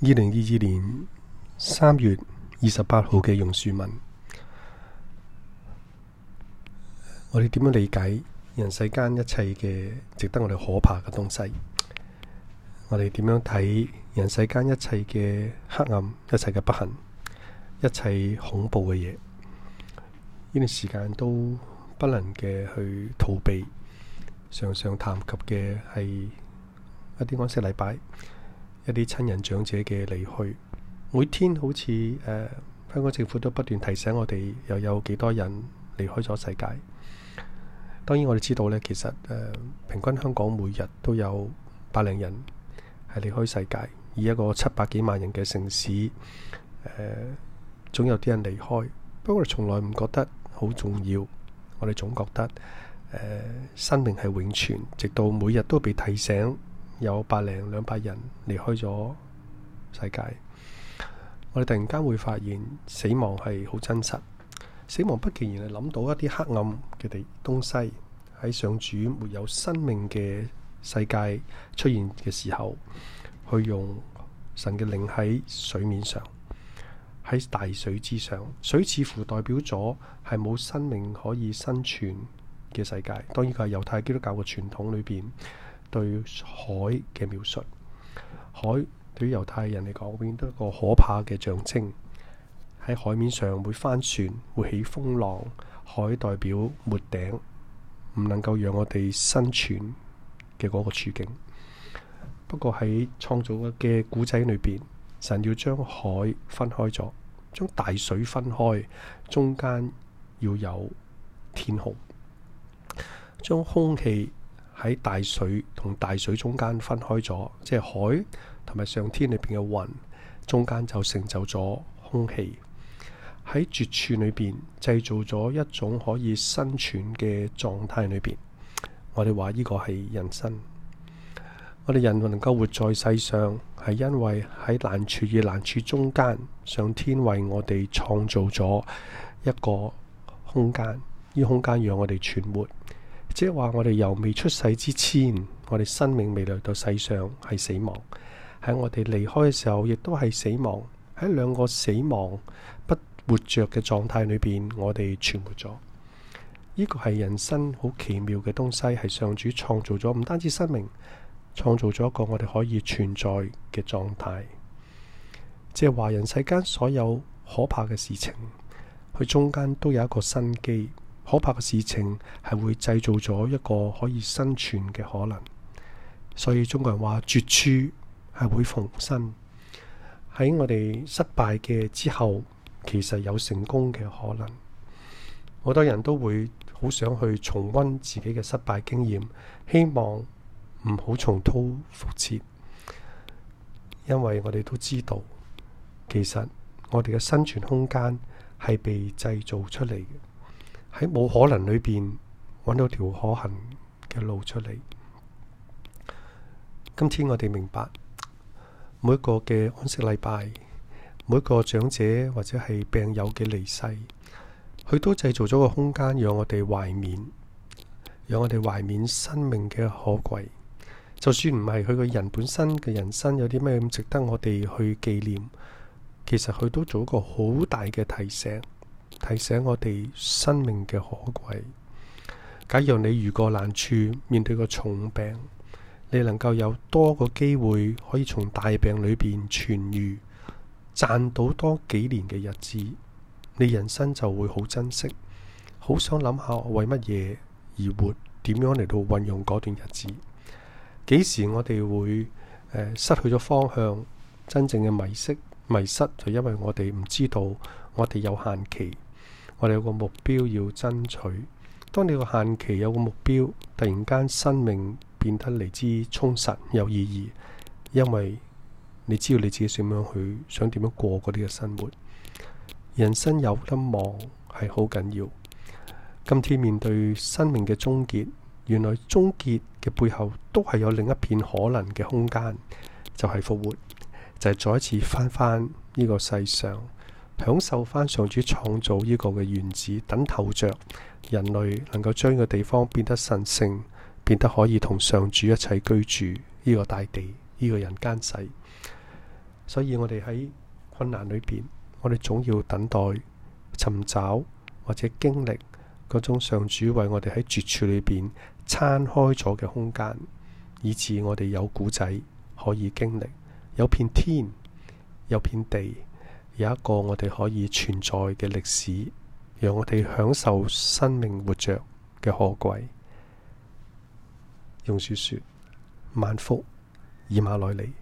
二零二二年三月二十八號嘅榕樹文，我哋點樣理解人世間一切嘅值得我哋可怕嘅東西？我哋點樣睇人世間一切嘅黑暗，一切嘅不幸，一切恐怖嘅嘢？呢段時間都不能嘅去逃避，常常談及嘅係一啲安息禮拜。一啲親人長者嘅離去，每天好似誒、呃、香港政府都不斷提醒我哋，又有幾多人離開咗世界。當然我哋知道呢，其實誒、呃、平均香港每日都有百零人係離開世界，以一個七百幾萬人嘅城市，誒、呃、總有啲人離開。不過我哋從來唔覺得好重要，我哋總覺得誒、呃、生命係永存，直到每日都被提醒。有百零兩百人離開咗世界，我哋突然間會發現死亡係好真實。死亡不期然係諗到一啲黑暗嘅地東西，喺上主沒有生命嘅世界出現嘅時候，去用神嘅靈喺水面上，喺大水之上。水似乎代表咗係冇生命可以生存嘅世界。當然，佢係猶太基督教嘅傳統裏邊。對海嘅描述，海對於猶太人嚟講，永遠都係一個可怕嘅象徵。喺海面上會翻船，會起風浪。海代表沒頂，唔能夠讓我哋生存嘅嗰個處境。不過喺創造嘅嘅古仔裏邊，神要將海分開咗，將大水分開，中間要有天空，將空氣。喺大水同大水中間分開咗，即係海同埋上天裏邊嘅雲中間就成就咗空氣。喺絕處裏邊製造咗一種可以生存嘅狀態裏邊，我哋話呢個係人生。我哋人能夠活在世上，係因為喺難處與難處中間，上天為我哋創造咗一個空間，呢空間讓我哋存活。即係話，我哋由未出世之前，我哋生命未來到世上，係死亡；喺我哋離開嘅時候，亦都係死亡。喺兩個死亡不活着嘅狀態裏邊，我哋存活咗。呢個係人生好奇妙嘅東西，係上主創造咗，唔單止生命，創造咗一個我哋可以存在嘅狀態。即係話，人世間所有可怕嘅事情，佢中間都有一個生機。可怕嘅事情係會製造咗一個可以生存嘅可能，所以中國人話絕處，係會逢生。喺我哋失敗嘅之後，其實有成功嘅可能。好多人都會好想去重溫自己嘅失敗經驗，希望唔好重蹈覆轍。因為我哋都知道，其實我哋嘅生存空間，係被製造出嚟嘅。喺冇可能裏邊揾到條可行嘅路出嚟。今天我哋明白，每一個嘅安息禮拜，每一個長者或者係病友嘅離世，佢都製造咗個空間，讓我哋懷緬，讓我哋懷緬生命嘅可貴。就算唔係佢個人本身嘅人生有啲咩咁值得我哋去紀念，其實佢都做一個好大嘅提醒。提醒我哋生命嘅可貴。假如你遇過難處，面對個重病，你能夠有多個機會可以從大病裏邊痊愈，賺到多幾年嘅日子，你人生就會好珍惜，好想諗下為乜嘢而活，點樣嚟到運用嗰段日子。幾時我哋會、呃、失去咗方向？真正嘅迷失迷失，就因為我哋唔知道我哋有限期。我哋有個目標要爭取。當你個限期有個目標，突然間生命變得嚟之充實有意義，因為你知道你自己想點樣去想點樣過嗰啲嘅生活。人生有得望係好緊要。今天面對生命嘅終結，原來終結嘅背後都係有另一片可能嘅空間，就係復活，就係再一次翻返呢個世上。享受翻上主創造呢個嘅原子，等透着人類能夠將呢個地方變得神聖，變得可以同上主一齊居住呢個大地，呢個人間世。所以我哋喺困難裏邊，我哋總要等待、尋找或者經歷嗰種上主為我哋喺絕處裏邊撐開咗嘅空間，以致我哋有古仔可以經歷，有片天，有片地。有一個我哋可以存在嘅歷史，讓我哋享受生命活着嘅可貴。用樹說：萬福以馬內利。